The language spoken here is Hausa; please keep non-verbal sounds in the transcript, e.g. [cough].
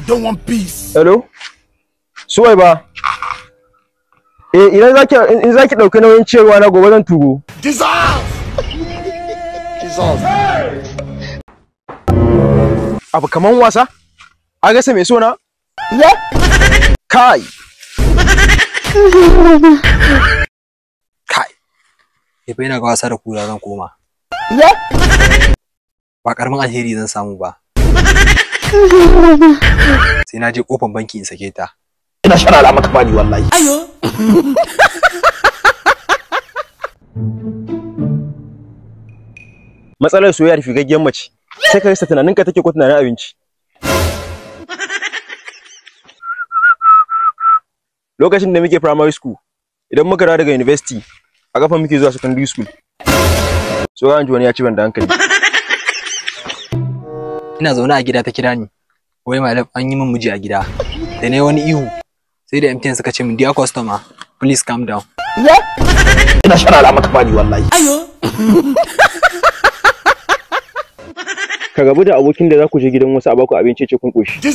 I don't want peace. Hello? Suwai ba. Eh idan zaki in zaki dauki nauyin cewa na gobe zan tugo. Dissolve. Dissolve. Abu kaman wasa? A gasa mai sona? Ya? Kai. [laughs] Kai. Eh fa ina ga wasa da ku zan koma. Ya? Ba karamin alheri zan samu ba. sai na je kofar banki in sake ta ina shara al'amma ka bani wallahi ayo matsalar soyayya da figaggen mace sai ka tunanin ka take ko tunanin abinci lokacin da muke primary school idan muka dawo daga university a kafa muke zuwa secondary school so ran ji ya ci ban da hankali ina zaune a gida ta kira ni wai malam an yi min miji a gida da ne wani ihu sai da MTN suka ce min dear customer please calm down ina shara maka bani wallahi ayo ka gabu da abokin da za ku je gidan wasu a baku abinci ce kun koshi